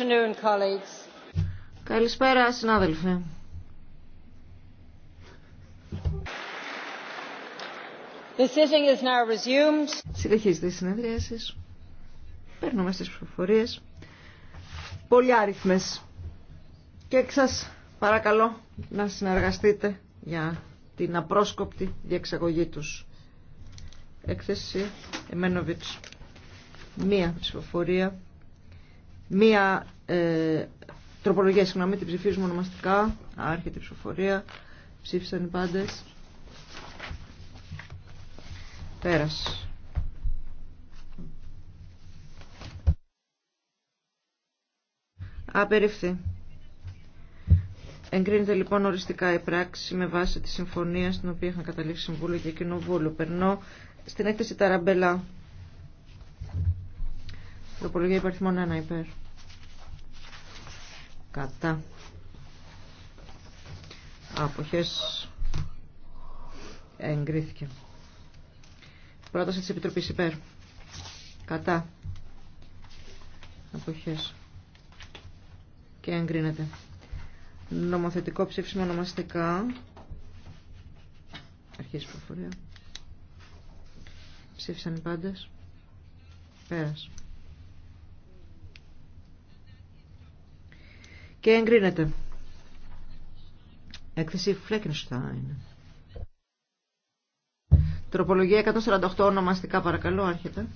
afternoon, colleagues. Καλησπέρα, συνάδελφοι. The sitting is now resumed. Συνεχίζεται η συνεδρίαση. Παίρνουμε στις ψηφοφορίες. Πολύ άριθμες. Και σας παρακαλώ να συνεργαστείτε για την απρόσκοπτη διεξαγωγή τους. Έκθεση Εμένοβιτς. Μία ψηφοφορία μία ε, τροπολογία, συγγνώμη, την ψηφίζουμε ονομαστικά. Άρχεται η ψηφοφορία. Ψήφισαν οι πάντες. Πέρασε. Απερίφθη. Εγκρίνεται λοιπόν οριστικά η πράξη με βάση τη συμφωνία στην οποία είχαν καταλήξει Συμβούλιο και Κοινοβούλιο. Περνώ στην έκθεση Ταραμπελά. Τροπολογία μόνο ένα υπέρ κατά αποχές εγκρίθηκε πρόταση της Επιτροπής υπέρ κατά αποχές και εγκρίνεται νομοθετικό ψήφισμα ονομαστικά αρχής προφορία ψήφισαν οι πάντες πέρας και εγκρίνεται. Έκθεση Φλέκενστάιν. Τροπολογία 148 ονομαστικά παρακαλώ άρχεται.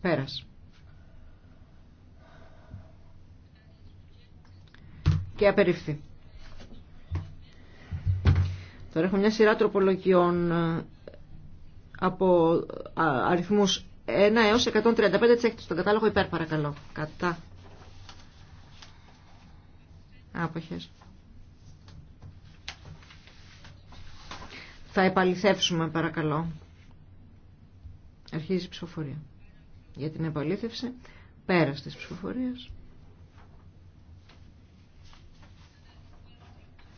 Πέρας. Και απερίφθη. Τώρα έχουμε μια σειρά τροπολογιών ε, από αριθμούς έως 135 τσέχτες. στον κατάλογο υπέρ παρακαλώ. Κατά. Άποχες. Θα επαληθεύσουμε παρακαλώ. Αρχίζει η ψηφοφορία. Για την επαλήθευση πέρας της ψηφοφορίας.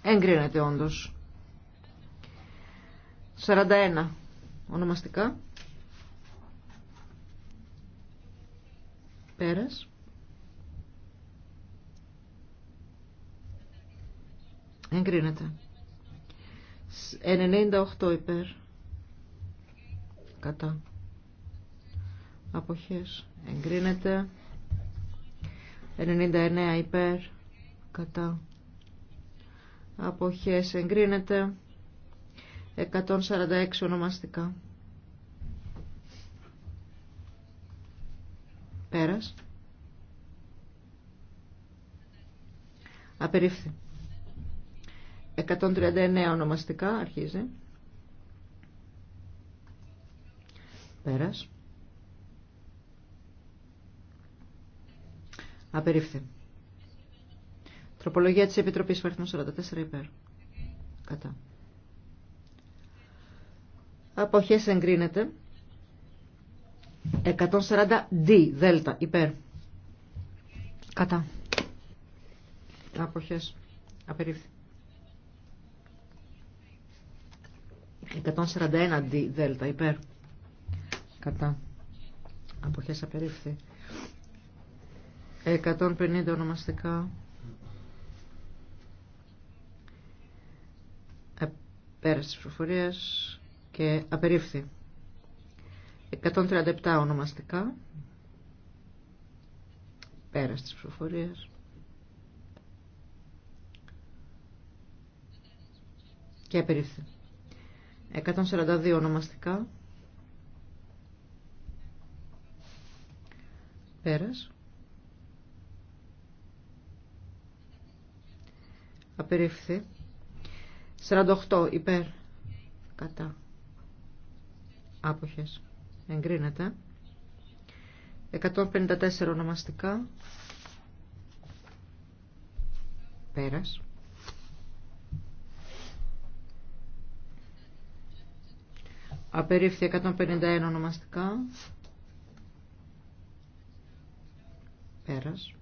Εγκρίνεται όντως. 41 ονομαστικά. Εγκρίνεται. 98 υπέρ. Κατά. Αποχές. Εγκρίνεται. 99 υπέρ. Κατά. Αποχές. Εγκρίνεται. 146 ονομαστικά. Πέρας. Απερίφθη. 139 ονομαστικά αρχίζει. Πέρας. Απερίφθη. Τροπολογία της Επιτροπής Φαρθμού 44 υπέρ. Κατά. Αποχές εγκρίνεται. 140D δέλτα υπέρ. Κατά. Αποχές. Απερίφθη. 141D δέλτα υπέρ. Κατά. Αποχές απερίφθη. 150 ονομαστικά. Ε, πέρασε τις προφορίες και απερίφθη. 137 ονομαστικά. Πέρα της ψηφοφορίας Και απερίφθη. 142 ονομαστικά. Πέρας. Απερίφθη. 48 υπέρ. Κατά. Άποχες εγκρίνεται. 154 ονομαστικά. Πέρας. Απερίφθη 151 ονομαστικά. Πέρας.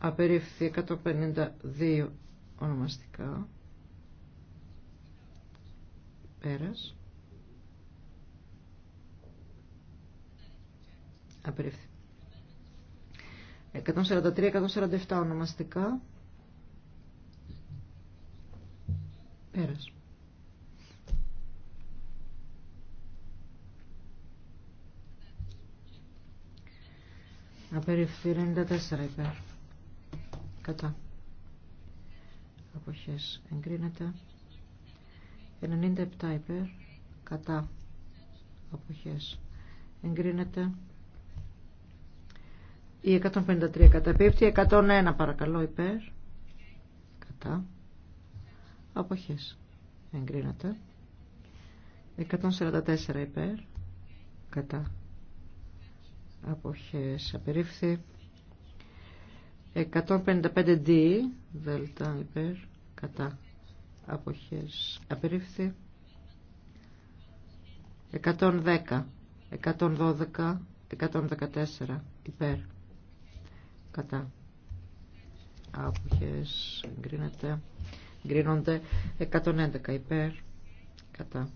Απερίφθη 152 ονομαστικά. Πέρας. Απερίφθη. 143-147 ονομαστικά. Πέρας. Απερίφθη 94 υπέρ. Κατά. Αποχές εγκρίνεται. 97 υπέρ κατά αποχές εγκρίνεται η 153 καταπίπτει 101 παρακαλώ υπέρ κατά αποχές εγκρίνεται 144 υπέρ κατά αποχές απερίφθη 155D δέλτα υπέρ κατά αποχές απερίφθη 110 112 114 υπέρ κατά άποχες εγκρίνεται εγκρίνονται 111 υπέρ κατά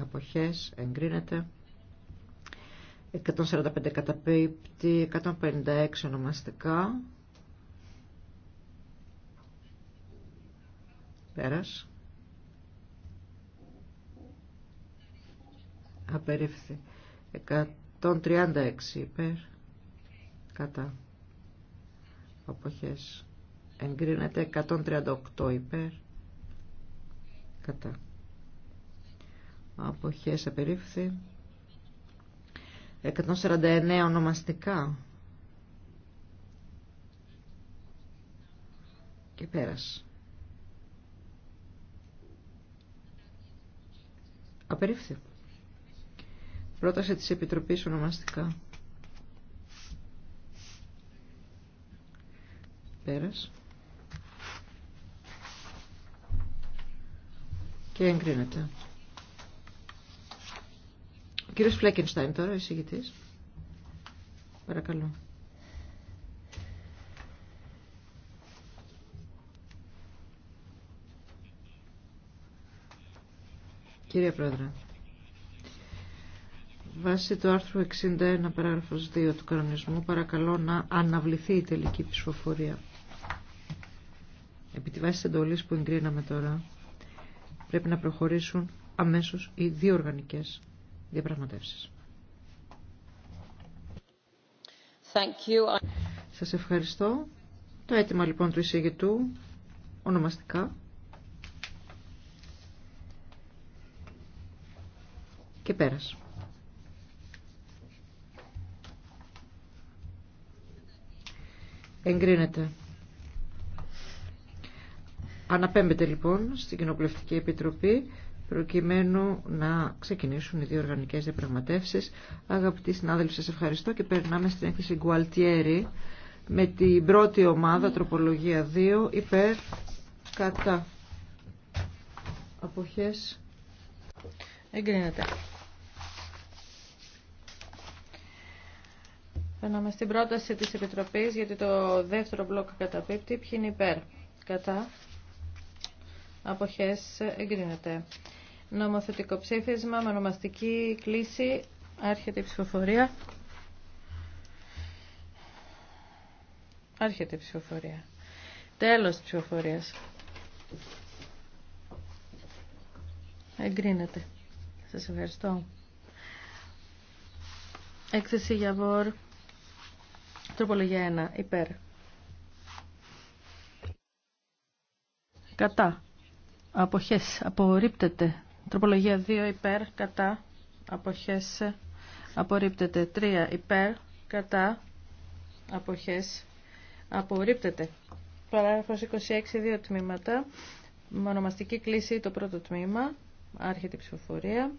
αποχές εγκρίνεται 145 καταπίπτει 156 ονομαστικά Πέρας. Απερίφθη. 136 υπέρ. Κατά. Αποχές. Εγκρίνεται 138 υπέρ. Κατά. Αποχές απερίφθη. 149 ονομαστικά. Και πέρας. Απερίφθη. Πρόταση της Επιτροπής ονομαστικά. Πέρας. Και εγκρίνεται. Ο κύριος Φλέκενστάιν τώρα, εισηγητής. Παρακαλώ. Κύριε Πρόεδρε, βάσει του άρθρου 61 παράγραφος 2 του κανονισμού παρακαλώ να αναβληθεί η τελική ψηφοφορία. Επί τη βάση εντολής που εγκρίναμε τώρα πρέπει να προχωρήσουν αμέσως οι δύο οργανικές διαπραγματεύσεις. Thank you. Σας ευχαριστώ. Το αίτημα λοιπόν του εισηγητού ονομαστικά και πέρας. Εγκρίνεται. Αναπέμπεται λοιπόν στην Κοινοβουλευτική Επιτροπή προκειμένου να ξεκινήσουν οι δύο οργανικές διαπραγματεύσεις. Αγαπητοί συνάδελφοι, σας ευχαριστώ και περνάμε στην έκθεση Γκουαλτιέρη με την πρώτη ομάδα, τροπολογία 2, υπέρ, κατά, αποχές. Εγκρίνεται. Περνάμε στην πρόταση της Επιτροπής, γιατί το δεύτερο μπλοκ καταπίπτει. Ποιοι είναι υπέρ. Κατά. Αποχές εγκρίνεται. Νομοθετικό ψήφισμα με ονομαστική κλίση. Άρχεται η ψηφοφορία. Άρχεται η ψηφοφορία. Τέλος της ψηφοφορίας. Εγκρίνεται. Σας ευχαριστώ. Έκθεση για βόρ. Τροπολογία 1. Υπέρ. Κατά. Αποχές. Απορρίπτεται. Τροπολογία 2. Υπέρ. Κατά. Αποχές. Απορρίπτεται. 3. Υπέρ. Κατά. Αποχές. Απορρίπτεται. Παράγραφος 26. Δύο τμήματα. Μονομαστική κλίση το πρώτο τμήμα. Άρχεται η ψηφοφορία.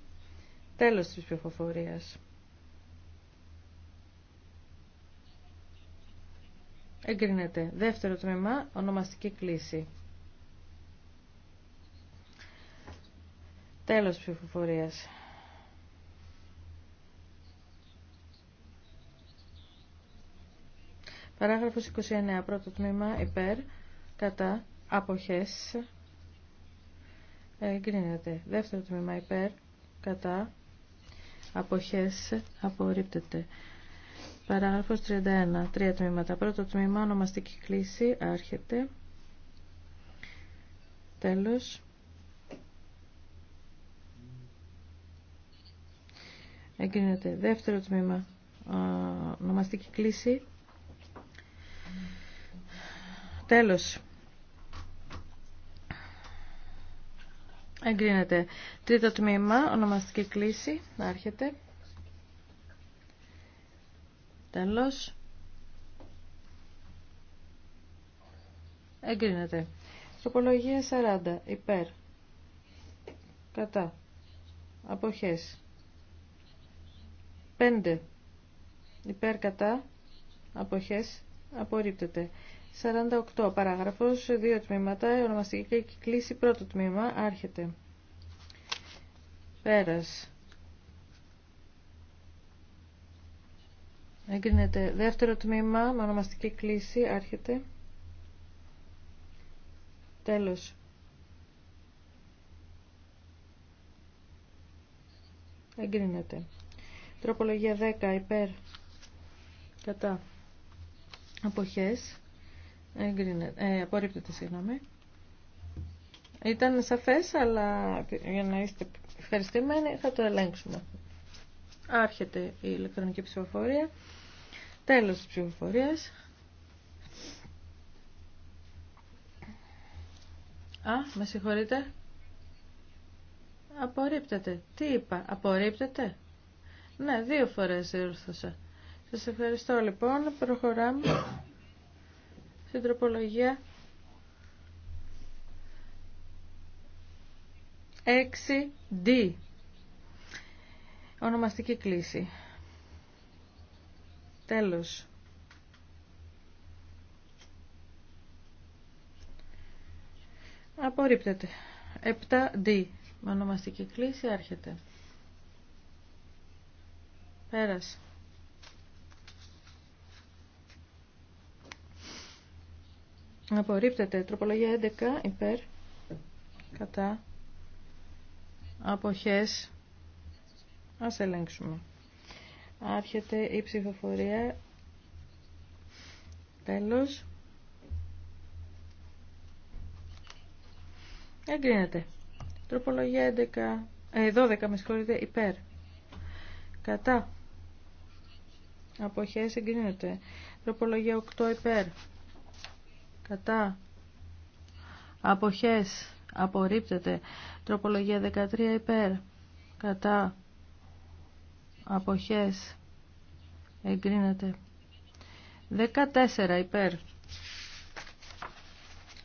Τέλος της ψηφοφορίας. Εγκρίνεται. Δεύτερο τμήμα, ονομαστική κλίση. Τέλος ψηφοφορίας. Παράγραφος 29. Πρώτο τμήμα υπέρ, κατά, αποχές. Εγκρίνεται. Δεύτερο τμήμα υπέρ, κατά, αποχές, απορρίπτεται. Παράγραφος 31. Τρία τμήματα. Πρώτο τμήμα, ονομαστική κλίση, άρχεται. Τέλος. Εγκρίνεται. Δεύτερο τμήμα, ονομαστική κλίση. Τέλος. Εγκρίνεται. Τρίτο τμήμα, ονομαστική κλίση, άρχεται. Τέλος. Εγκρίνεται. Τροπολογία 40. Υπέρ. Κατά. Αποχές. 5. Υπέρ κατά. Αποχές. Απορρίπτεται. 48. Παράγραφος. Δύο τμήματα. Ονομαστική και κλίση. Πρώτο τμήμα. Άρχεται. Πέρας. Εγκρίνεται. Δεύτερο τμήμα με ονομαστική κλίση. Άρχεται. Τέλος. Εγκρίνεται. Τροπολογία 10. Υπέρ. Κατά. Αποχές. Εγκρίνεται. Ε, απορρίπτεται, συγγνώμη. Ήταν σαφές, αλλά για να είστε ευχαριστημένοι θα το ελέγξουμε. Άρχεται η ηλεκτρονική ψηφοφορία. Τέλος της ψηφοφορίας. Α, με συγχωρείτε. Απορρίπτεται. Τι είπα, απορρίπτεται. Ναι, δύο φορές ήρθωσα. Σας ευχαριστώ λοιπόν. Προχωράμε στην τροπολογία 6D. Ονομαστική κλίση. Τέλος. Απορρίπτεται. 7D. Με ονομαστική κλίση έρχεται. Πέρασε. Απορρίπτεται. Τροπολογία 11 υπέρ. Κατά. Αποχές. Ας ελέγξουμε. Άρχεται η ψηφοφορία. Τέλος. Εγκρίνεται. Τροπολογία 11, 12, ε, με υπέρ. Κατά. Αποχές εγκρίνεται. Τροπολογία 8 υπέρ. Κατά. Αποχές απορρίπτεται. Τροπολογία 13 υπέρ. Κατά αποχές εγκρίνεται 14 υπέρ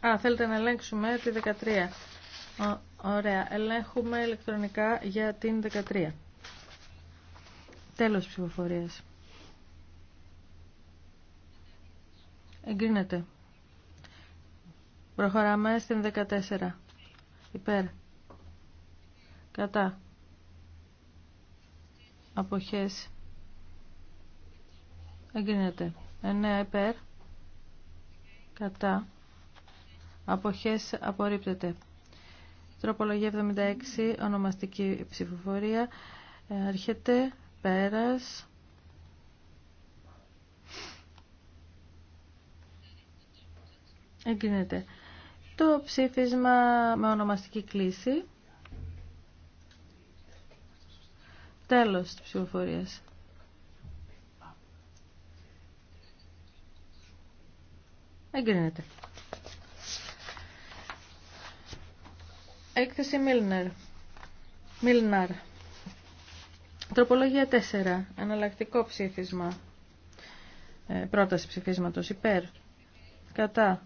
Α, θέλετε να ελέγξουμε τη 13 Ωραία, ελέγχουμε ηλεκτρονικά για την 13 Τέλος ψηφοφορίας Εγκρίνεται Προχωράμε στην 14 Υπέρ Κατά αποχές εγκρίνεται 9 υπέρ κατά αποχές απορρίπτεται τροπολογία 76 ονομαστική ψηφοφορία ε, έρχεται πέρας εγκρίνεται το ψήφισμα με ονομαστική κλίση Τέλος της ψηφοφορίας. Εγκρίνεται. Έκθεση Μίλνερ. Μίλναρ. Τροπολογία 4. Αναλλακτικό ψήφισμα. Ε, πρόταση ψηφίσματος υπέρ. Κατά.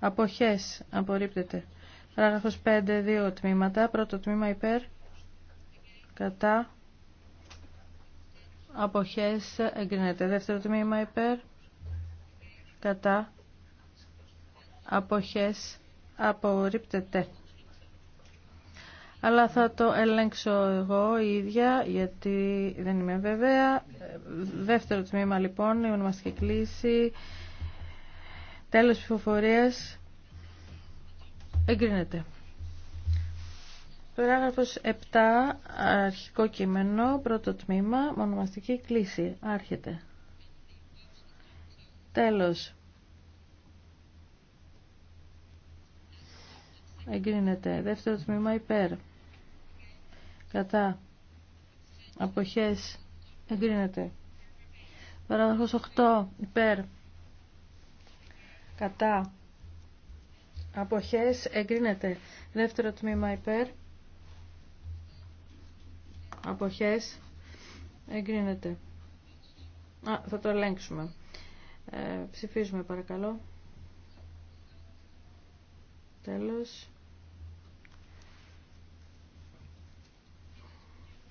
Αποχές. Απορρίπτεται. Παράγραφος 5. Δύο τμήματα. Πρώτο τμήμα υπέρ κατά αποχές εγκρίνεται. Δεύτερο τμήμα υπέρ κατά αποχές απορρίπτεται. Αλλά θα το ελέγξω εγώ η ίδια γιατί δεν είμαι βέβαια. Δεύτερο τμήμα λοιπόν, η ονομαστική κλίση, τέλος ψηφοφορίας εγκρίνεται. Παράγραφος 7, αρχικό κείμενο, πρώτο τμήμα, μονομαστική κλίση. Άρχεται. Τέλος. Εγκρίνεται. Δεύτερο τμήμα υπέρ. Κατά. Αποχές. Εγκρίνεται. Παράγραφος 8. Υπέρ. Κατά. Αποχές. Εγκρίνεται. Δεύτερο τμήμα υπέρ αποχές εγκρίνεται. Α, θα το ελέγξουμε. Ε, ψηφίζουμε παρακαλώ. Τέλος.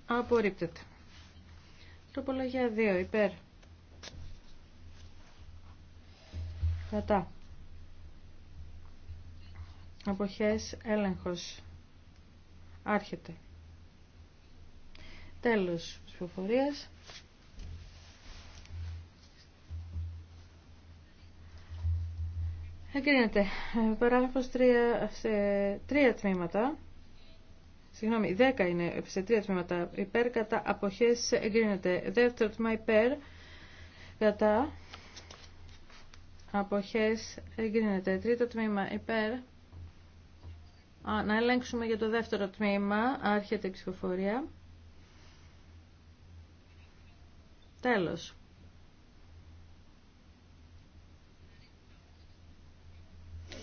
Απορρίπτεται. τοπολογία 2. Υπέρ. Κατά. Αποχές έλεγχος. Άρχεται. Τέλος προφορίας. Εγκρίνεται. Ε, παράγραφος 3 σε 3 τμήματα. Συγγνώμη, 10 είναι σε 3 τμήματα. Υπέρ κατά αποχές εγκρίνεται. Δεύτερο τμήμα υπέρ κατά αποχές εγκρίνεται. Τρίτο τμήμα υπέρ. Α, να ελέγξουμε για το δεύτερο τμήμα. Άρχεται η ψηφοφορία. Τέλος.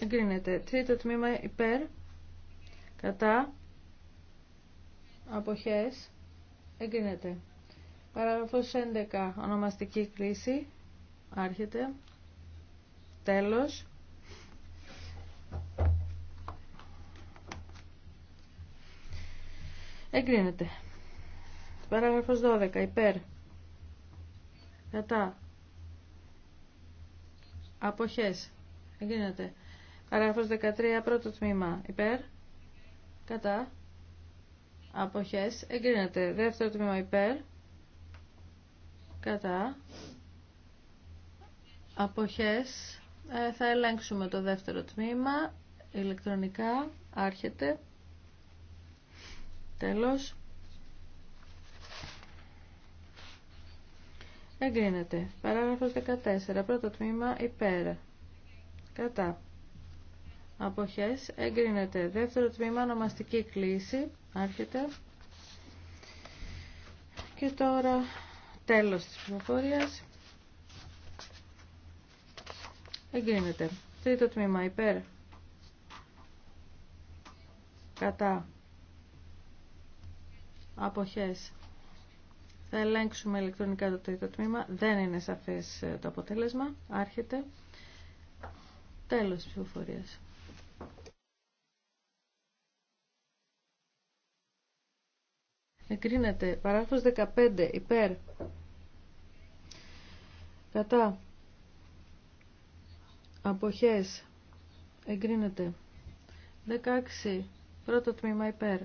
Εγκρίνεται. Τρίτο τμήμα υπέρ. Κατά. Αποχές. Εγκρίνεται. Παράγραφος 11. Ονομαστική κρίση. Άρχεται. Τέλος. Εγκρίνεται. Παράγραφος 12. Υπέρ. Κατά. Αποχές. Εγκρίνεται. Παράγραφος 13, πρώτο τμήμα. Υπέρ. Κατά. Αποχές. Εγκρίνεται. Δεύτερο τμήμα υπέρ. Κατά. Αποχές. Ε, θα ελέγξουμε το δεύτερο τμήμα. Ηλεκτρονικά. Άρχεται. Τέλος. Εγκρίνεται. Παράγραφος 14. Πρώτο τμήμα υπέρ. Κατά. Αποχές. Εγκρίνεται. Δεύτερο τμήμα ονομαστική κλίση. Άρχεται. Και τώρα τέλος της πληροφορίας. Εγκρίνεται. Τρίτο τμήμα υπέρ. Κατά. Αποχές. Θα ελέγξουμε ηλεκτρονικά το τρίτο τμήμα. Δεν είναι σαφές ε, το αποτέλεσμα. Άρχεται. Τέλος της ψηφοφορίας. Εγκρίνεται. Παράγραφος 15. Υπέρ. Κατά. Αποχές. Εγκρίνεται. 16. Πρώτο τμήμα υπέρ.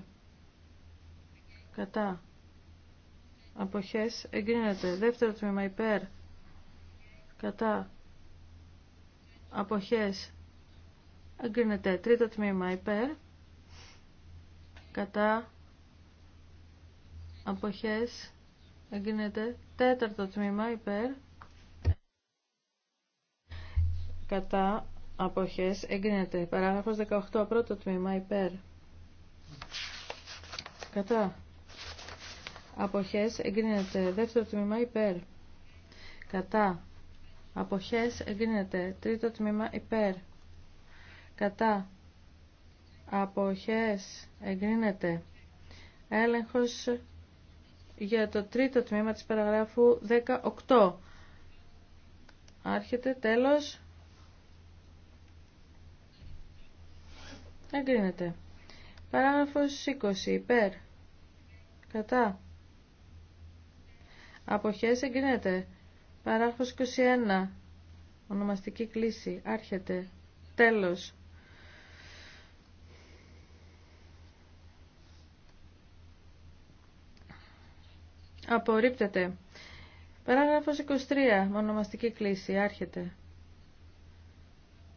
Κατά αποχές εγκρίνεται. Δεύτερο τμήμα υπέρ κατά αποχές εγκρίνεται. Τρίτο τμήμα υπέρ κατά αποχές εγκρίνεται. Τέταρτο τμήμα υπέρ κατά αποχές εγκρίνεται. Παράγραφος 18 πρώτο τμήμα υπέρ κατά αποχές εγκρίνεται. Δεύτερο τμήμα υπέρ. Κατά. Αποχές εγκρίνεται. Τρίτο τμήμα υπέρ. Κατά. Αποχές εγκρίνεται. Έλεγχος για το τρίτο τμήμα της παραγράφου 18. Άρχεται τέλος. Εγκρίνεται. Παράγραφος 20. Υπέρ. Κατά. Αποχές εγκρίνεται. Παράγραφος 21. Ονομαστική κλίση. Άρχεται. Τέλος. Απορρίπτεται. Παράγραφος 23. Ονομαστική κλίση. Άρχεται.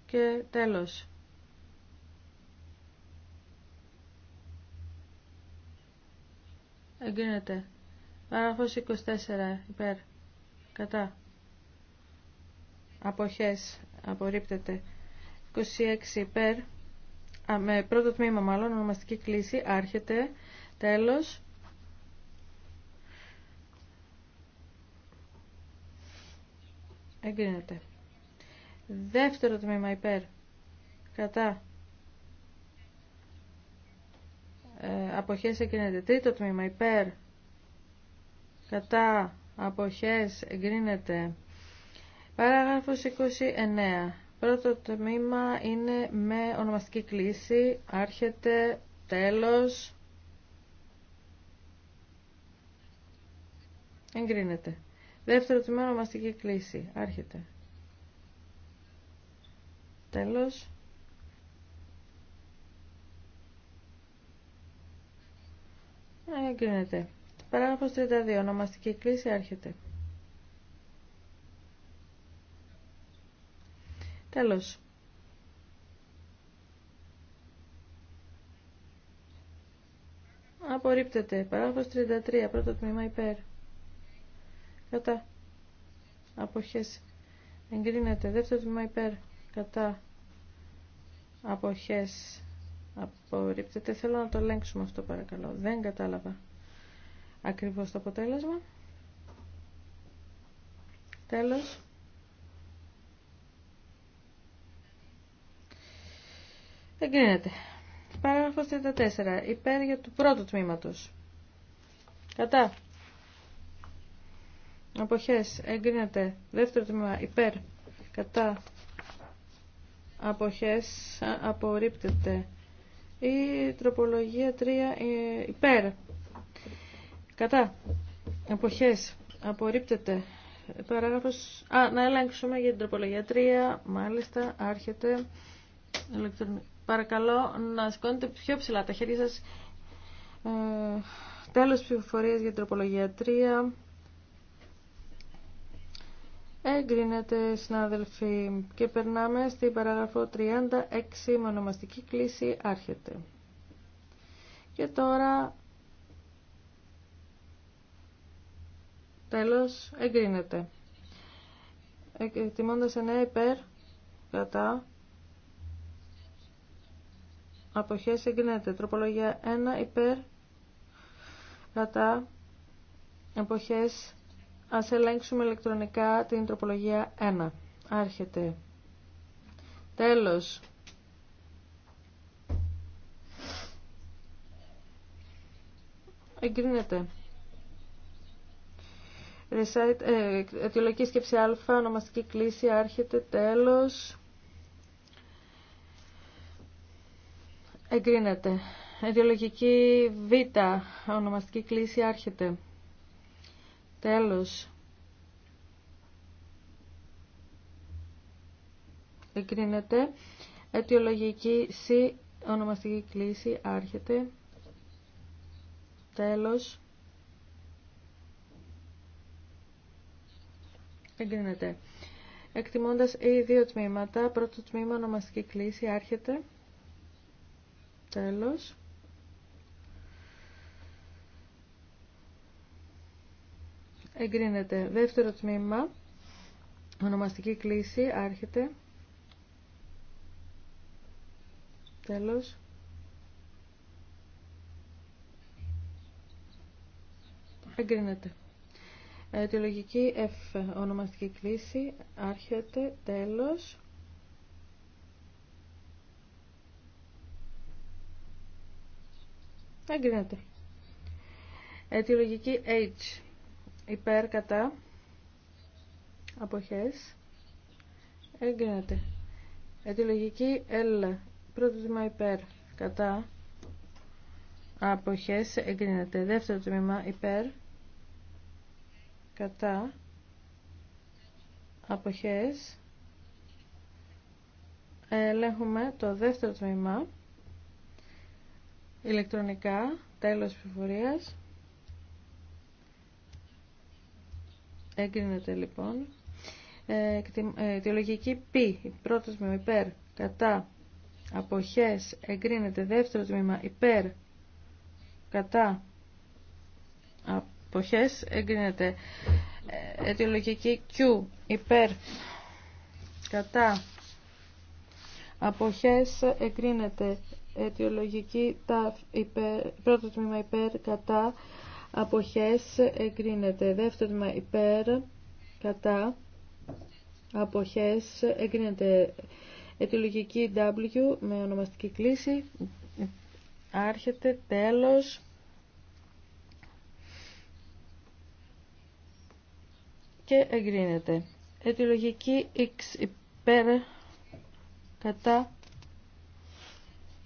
Και τέλος. Εγκρίνεται. Παράγραφος 24. Υπέρ. Κατά. Αποχές. Απορρίπτεται. 26. Υπέρ. με πρώτο τμήμα μάλλον, ονομαστική κλίση. Άρχεται. Τέλος. Εγκρίνεται. Δεύτερο τμήμα υπέρ. Κατά. Ε, αποχές εγκρίνεται. Τρίτο τμήμα υπέρ κατά αποχές εγκρίνεται. Παράγραφος 29. Πρώτο τμήμα είναι με ονομαστική κλίση. Άρχεται τέλος. Εγκρίνεται. Δεύτερο τμήμα ονομαστική κλίση. Άρχεται. Τέλος. Ε, εγκρίνεται. Παράγραφος 32. Ονομαστική κλίση άρχεται. Τέλος. Απορρίπτεται. Παράγραφος 33. Πρώτο τμήμα υπέρ. Κατά. Αποχές. Εγκρίνεται. Δεύτερο τμήμα υπέρ. Κατά. Αποχές. Απορρίπτεται. Θέλω να το ελέγξουμε αυτό παρακαλώ. Δεν κατάλαβα ακριβώς το αποτέλεσμα. Τέλος. Εγκρίνεται. Παράγραφος 34. Υπέρ για του πρώτου τμήματος. Κατά. Αποχές. Εγκρίνεται. Δεύτερο τμήμα. Υπέρ. Κατά. Αποχές. Απορρίπτεται. Η τροπολογία 3. Ε, υπέρ. Κατά. Εποχές. Απορρίπτεται. Παράγραφος... Α, να ελέγξουμε για την τροπολογία 3. Μάλιστα, άρχεται. Παρακαλώ να σηκώνετε πιο ψηλά τα χέρια σας. Ε, τέλος ψηφοφορία για την τροπολογία 3. Εγκρίνεται, συνάδελφοι. Και περνάμε στην παράγραφο 36, με ονομαστική κλίση, άρχεται. Και τώρα Τέλος, εγκρίνεται. Εκτιμώντας 9 υπέρ, κατά, αποχές εγκρίνεται. Τροπολογία 1 υπέρ, κατά, αποχές. Ας ελέγξουμε ηλεκτρονικά την τροπολογία 1. Άρχεται. Τέλος. Εγκρίνεται. Ε, αιτιολογική σκέψη α, ονομαστική κλίση, άρχεται, τέλος. Εγκρίνεται. Αιτιολογική β, ονομαστική κλίση, άρχεται. Τέλος. Εγκρίνεται. Αιτιολογική σ, ονομαστική κλίση, άρχεται. Τέλος. Εγκρίνεται. Εκτιμώντας οι δύο τμήματα, πρώτο τμήμα ονομαστική κλίση, άρχεται. Τέλος. Εγκρίνεται. Δεύτερο τμήμα, ονομαστική κλίση, άρχεται. Τέλος. Εγκρίνεται. Αιτιολογική F, ονομαστική κλίση, άρχεται, τέλος. Εγκρίνεται. Αιτιολογική H, υπέρ, κατά, αποχές. Εγκρίνεται. Αιτιολογική L, πρώτο τμήμα υπέρ, κατά, αποχές. Εγκρίνεται. Δεύτερο τμήμα υπέρ, κατά αποχές ελέγχουμε το δεύτερο τμήμα ηλεκτρονικά τέλος πληροφορίας εγκρίνεται λοιπόν ε, ε λογική π πρώτο τμήμα υπέρ κατά αποχές εγκρίνεται δεύτερο τμήμα υπέρ κατά αποχές εγκρίνεται ε, αιτιολογική Q υπέρ κατά αποχές εγκρίνεται αιτιολογική τα υπέρ, πρώτο τμήμα υπέρ κατά αποχές εγκρίνεται δεύτερο τμήμα υπέρ κατά αποχές εγκρίνεται αιτιολογική W με ονομαστική κλίση άρχεται τέλος και εγκρίνεται. Αιτιολογική X υπέρ κατά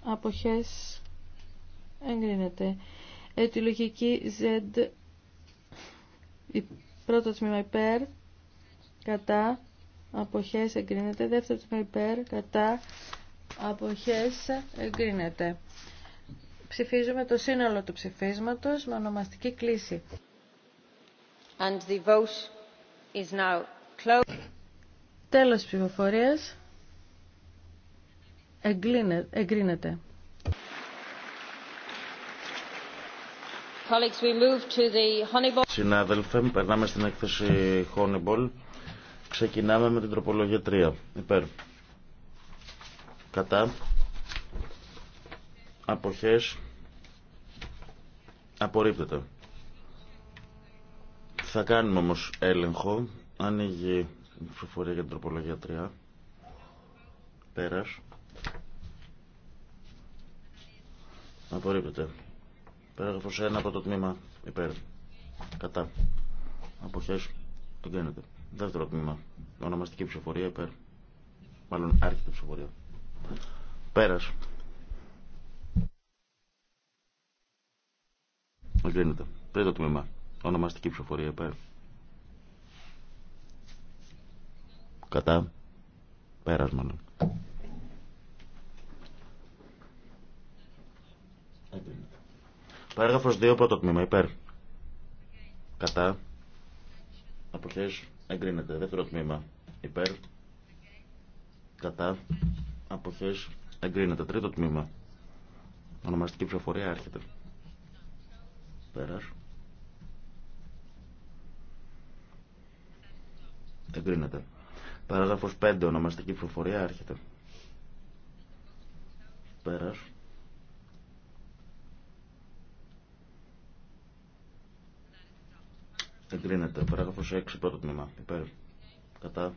αποχές εγκρίνεται. Αιτιολογική Z πρώτο τμήμα υπέρ κατά αποχές εγκρίνεται. Δεύτερο τμήμα υπέρ κατά αποχές εγκρίνεται. Ψηφίζουμε το σύνολο του ψηφίσματος με ονομαστική κλίση. And the vote is now closed. Τέλος ψηφοφορίας. Εγκρίνεται. Συνάδελφε, περνάμε στην έκθεση Honeyball. Ξεκινάμε με την τροπολογία 3. Υπέρ. Κατά. Αποχές. Απορρίπτεται. Θα κάνουμε όμως έλεγχο. Ανοίγει η ψηφοφορία για την τροπολογία 3. Πέρας. Απορρίπτεται. Πέραγραφο 1 από το τμήμα υπέρ. Κατά. Αποχές. Τον κάνετε. Δεύτερο τμήμα. Ονομαστική ψηφοφορία υπέρ. Μάλλον άρχιτη ψηφοφορία. Πέρας. γίνεται. Τρίτο τμήμα. Ονομαστική ψηφοφορία υπέρ. Κατά. Πέρασμα, μάλλον. Παράγραφος 2 πρώτο τμήμα υπέρ. Κατά. Αποχές. Εγκρίνεται. Δεύτερο τμήμα υπέρ. Κατά. Αποχές. Εγκρίνεται. Τρίτο τμήμα. Ονομαστική ψηφοφορία έρχεται. Πέρασμα. Εγκρίνεται. παράγραφο 5. Ονομαστική ψηφοφορία. Άρχεται. Πέρα. Εγκρίνεται. Παράγραφος 6. Πρώτο τμήμα. Υπέρ. Κατά.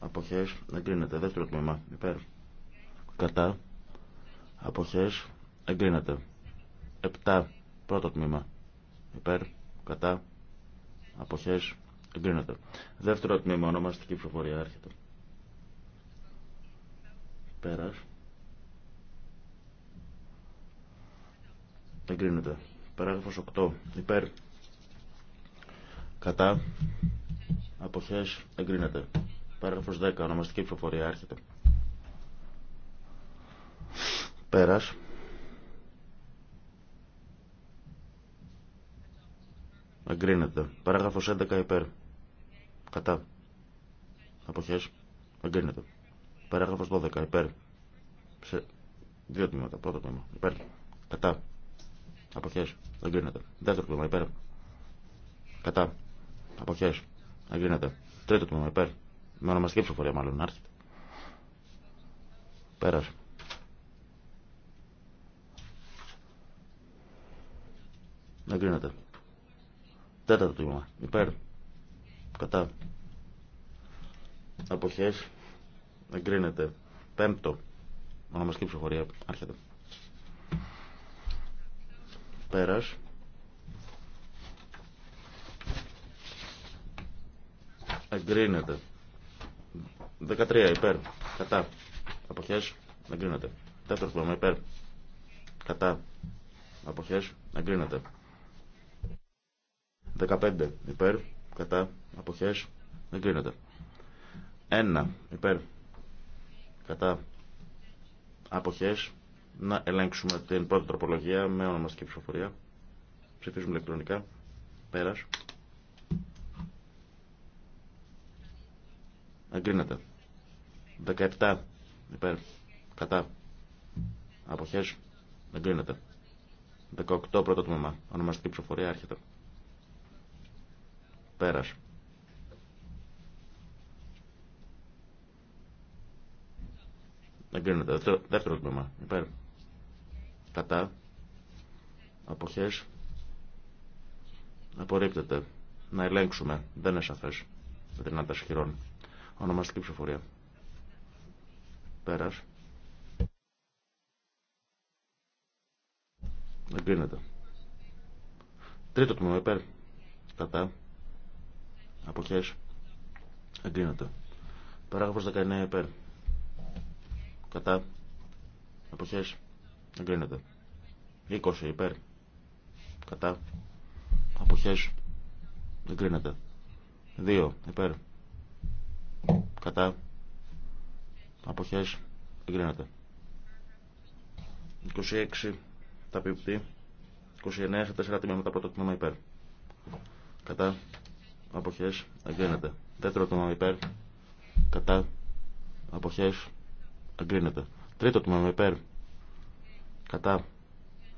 αποχέ, Εγκρίνεται. Δεύτερο τμήμα. Υπέρ. Κατά. Αποχέ. Εγκρίνεται. 7. Πρώτο τμήμα. Υπέρ. Κατά. Αποχέ. Εγκρίνεται. Δεύτερο τμήμα, ονομαστική ψηφοφορία, έρχεται. Πέρα. Εγκρίνεται. Παράγραφος 8. Υπέρ. Κατά. Αποχές. Εγκρίνεται. Παράγραφος 10. Ονομαστική ψηφοφορία, έρχεται. Πέρας. Εγκρίνεται. Παράγραφος 11 υπέρ. Κατά. Αποχές. Εγκρίνεται. Παράγραφος 12. Υπέρ. Σε δύο τμήματα. Πρώτο τμήμα. Υπέρ. Κατά. Αποχές. Εγκρίνεται. Δεύτερο τμήμα. Υπέρ. Κατά. Αποχές. Εγκρίνεται. Τρίτο τμήμα. Υπέρ. Με ονομαστική ψηφοφορία μάλλον. Άρχεται. Πέρασε. Εγκρίνεται. Τέταρτο τμήμα. Υπέρ. Κατά. Αποχές. Εγκρίνεται. Πέμπτο. Ονομαστική ψηφοφορία. Άρχεται. Πέρας. Εγκρίνεται. δεκατρία υπέρ. Κατά. Αποχές. Εγκρίνεται. Τέταρτο τμήμα υπέρ. Κατά. Αποχές. Εγκρίνεται. δεκαπέντε υπέρ κατά αποχές εγκρίνεται. Ένα υπέρ κατά αποχές να ελέγξουμε την πρώτη τροπολογία με ονομαστική ψηφοφορία. Ψηφίζουμε ηλεκτρονικά. Πέρας. Εγκρίνεται. 17 υπέρ κατά αποχές εγκρίνεται. 18 πρώτο τμήμα. Ονομαστική ψηφοφορία έρχεται. Πέρας. Εγκρίνεται. Δεύτερο, δεύτερο τμήμα. Υπέρ. Κατά. Αποχές. Απορρίπτεται. Να ελέγξουμε. Δεν είναι σαφές. Δεν την άνταση Ονομαστική ψηφοφορία. Πέρας. Εγκρίνεται. Τρίτο τμήμα. Υπέρ. Κατά. Αποχές. Εγκρίνεται. Παράγραφος 19 υπέρ. Κατά. Αποχές. Εγκρίνεται. 20 υπέρ. Κατά. Αποχέ. Εγκρίνεται. 2 υπέρ. Κατά. Αποχέ, Εγκρίνεται. 26 τα πιπτή. 29 σε 4 τμήματα πρώτο τμήμα υπέρ. Κατά αποχές αγκρίνεται. Δεύτερο τμήμα υπέρ, κατά, αποχές αγκρίνεται. Τρίτο τμήμα υπέρ, κατά,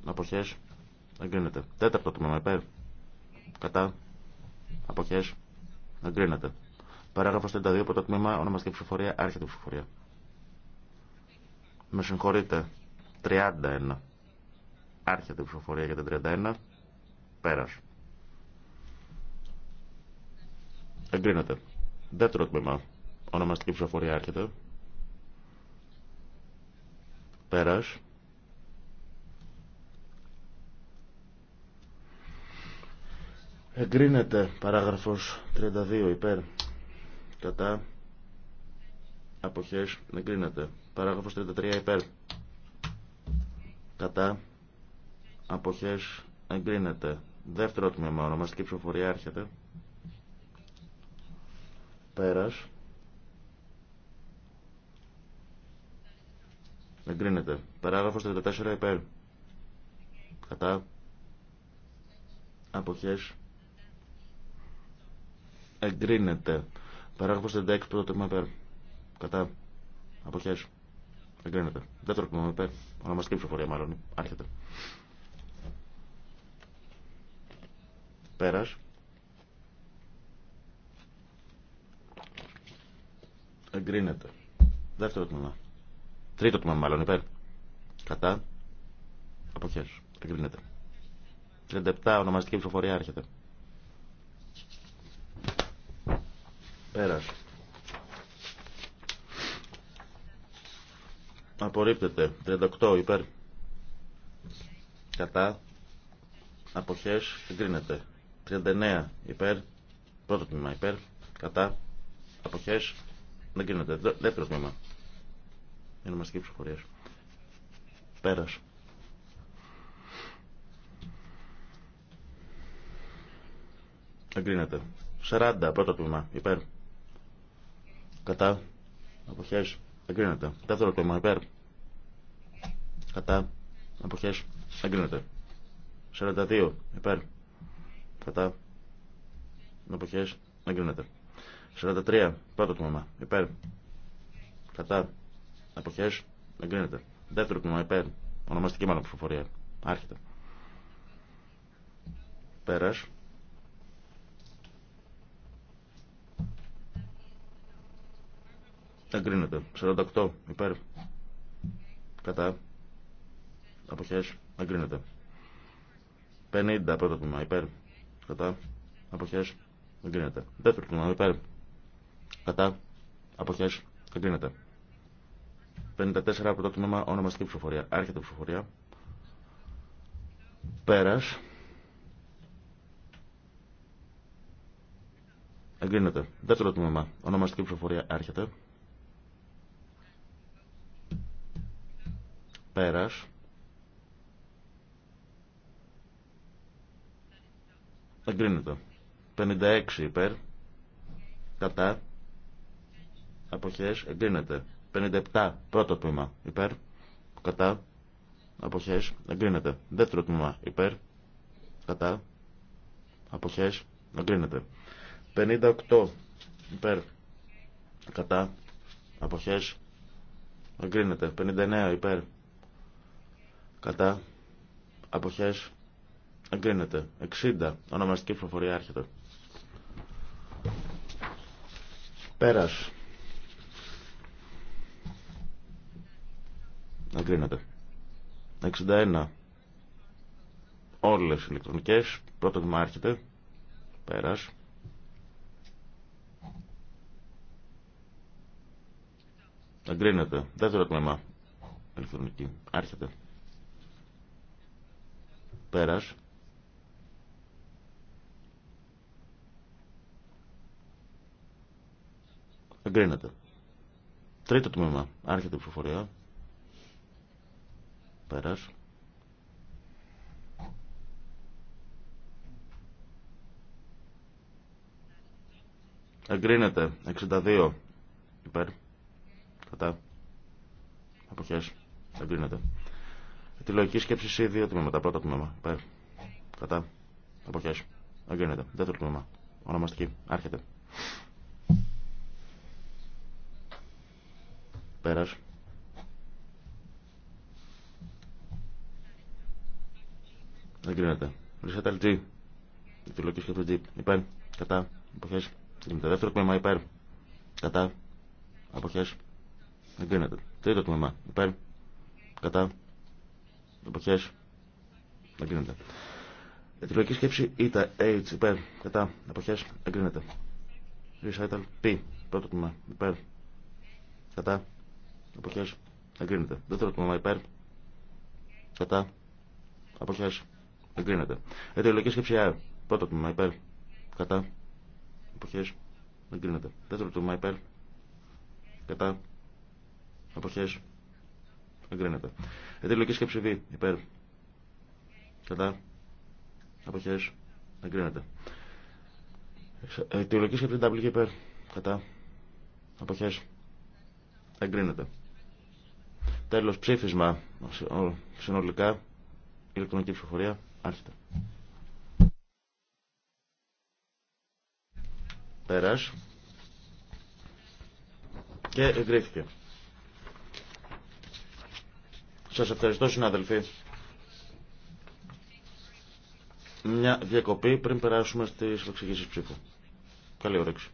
αποχές αγκρίνεται. Τέταρτο τμήμα υπέρ, κατά, αποχές αγκρίνεται. Παράγραφος 32 πρώτο τμήμα, ονομαστική ψηφοφορία, άρχεται ψηφοφορία. Με συγχωρείτε, 31. Άρχεται ψηφοφορία για τα 31. Πέρασε. Εγκρίνεται. Δεύτερο τμήμα. Ονομαστική ψηφοφορία έρχεται. Πέρας. Εγκρίνεται παράγραφος 32 υπέρ κατά αποχές εγκρίνεται παράγραφος 33 υπέρ κατά αποχές εγκρίνεται δεύτερο τμήμα ονομαστική ψηφοφορία έρχεται Πέρας. Εγκρίνεται. Παράγραφος 34 υπέρ. Κατά. Αποχές. Εγκρίνεται. Παράγραφος 36 πρώτο τμήμα υπέρ. Κατά. Αποχές. Εγκρίνεται. Δεύτερο τμήμα υπέρ. Ονομαστική ψηφοφορία μάλλον. Άρχεται. Πέρας. Εγκρίνεται. Δεύτερο τμήμα. Τρίτο τμήμα μάλλον υπέρ. Κατά. Αποχέ. Εγκρίνεται. 37 ονομαστική ψηφοφορία έρχεται. Πέρα. Απορρίπτεται. 38 υπέρ. Κατά. Αποχέ. Εγκρίνεται. 39 υπέρ. Πρώτο τμήμα υπέρ. Κατά. Αποχέ. Δεν κρίνεται. Δεύτερο τμήμα. Είναι μαστική ψηφοφορία. Πέρα. Εγκρίνεται. 40, πρώτο τμήμα, υπέρ. Κατά. Αποχέ. Εγκρίνεται. Δεύτερο τμήμα, υπέρ. Κατά. Αποχέ. Εγκρίνεται. 42, υπέρ. Κατά. Αποχέ. Εγκρίνεται. 43. Πρώτο τμήμα. Υπέρ. Κατά. εποχέ, Εγκρίνεται. Δεύτερο τμήμα. Υπέρ. Ονομαστική μάλλον ψηφοφορία. Άρχεται. Πέρα. Εγκρίνεται. 48. Υπέρ. Κατά. Αποχέ. Εγκρίνεται. 50. Πρώτο τμήμα. Υπέρ. Κατά. Αποχέ. Εγκρίνεται. Δεύτερο τμήμα. Υπέρ. Κατά. Αποχές. Εγκρίνεται. 54 πρώτο τμήμα ονομαστική ψηφοφορία. Άρχεται ψηφοφορία. Πέρας. Εγκρίνεται. Δεύτερο τμήμα. Ονομαστική ψηφοφορία. Άρχεται. Πέρας. Εγκρίνεται. 56 υπέρ. Κατά αποχές εγκρίνεται. 57 πρώτο τμήμα υπέρ, κατά, αποχές εγκρίνεται. Δεύτερο τμήμα υπέρ, κατά, αποχές εγκρίνεται. 58 υπέρ, κατά, αποχές εγκρίνεται. 59 υπέρ, κατά, αποχές εγκρίνεται. 60 ονομαστική πληροφορία έρχεται. Πέρας. Εγκρίνεται. 61. Όλες οι ηλεκτρονικές. Πρώτο βήμα άρχεται. Πέρας. Εγκρίνεται. Δεύτερο τμήμα. Ηλεκτρονική. Άρχεται. Πέρας. Εγκρίνεται. Τρίτο τμήμα. Άρχεται η ψηφοφορία περάσω. Εγκρίνεται. 62. Υπέρ. Κατά. Αποχές. Εγκρίνεται. Τη λογική σκέψη σε δύο τμήματα. Πρώτο τμήμα. Υπέρ. Κατά. Αποχές. Εγκρίνεται. Δεύτερο τμήμα. Ονομαστική. Άρχεται. Πέρασε. Δεν κρίνεται. Ρίσα τα λτζή. Επιλογή και το Υπέρ. Κατά. Αποχέ. το Δεύτερο τμήμα. Υπέρ. Κατά. Αποχέ. Δεν κρίνεται. Τρίτο τμήμα. Υπέρ. Κατά. Αποχέ. Δεν κρίνεται. Επιλογική σκέψη ήταν H. Υπέρ. Κατά. Αποχέ. Εγκρίνεται. Recital P. Πρώτο τμήμα. Υπέρ. Κατά. Αποχέ. Εγκρίνεται. Δεύτερο τμήμα. Υπέρ. Κατά. Αποχέ. Εγκρίνεται. Ετεολογική σκέψη Α. Πρώτο τμήμα υπέρ. Κατά. Εποχέ. Εγκρίνεται. Δεύτερο τμήμα υπέρ. Κατά. Εποχέ. Εγκρίνεται. Ετεολογική σκέψη Β. Υπέρ. Κατά. Εποχέ. Εγκρίνεται. Ετεολογική σκέψη W υπέρ. Κατά. Εποχέ. Εγκρίνεται. Τέλο ψήφισμα συνολικά ηλεκτρονική ψηφοφορία. Άλιστα. Πέρας. Και εγκρίθηκε. Σας ευχαριστώ συνάδελφοι. Μια διακοπή πριν περάσουμε στις εξηγήσεις ψήφου. Καλή όρεξη.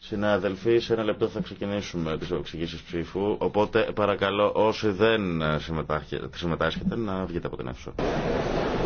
Συνάδελφοι, σε ένα λεπτό θα ξεκινήσουμε τις εξηγήσεις ψήφου, οπότε παρακαλώ όσοι δεν συμμετάσχετε να βγείτε από την αίθουσα.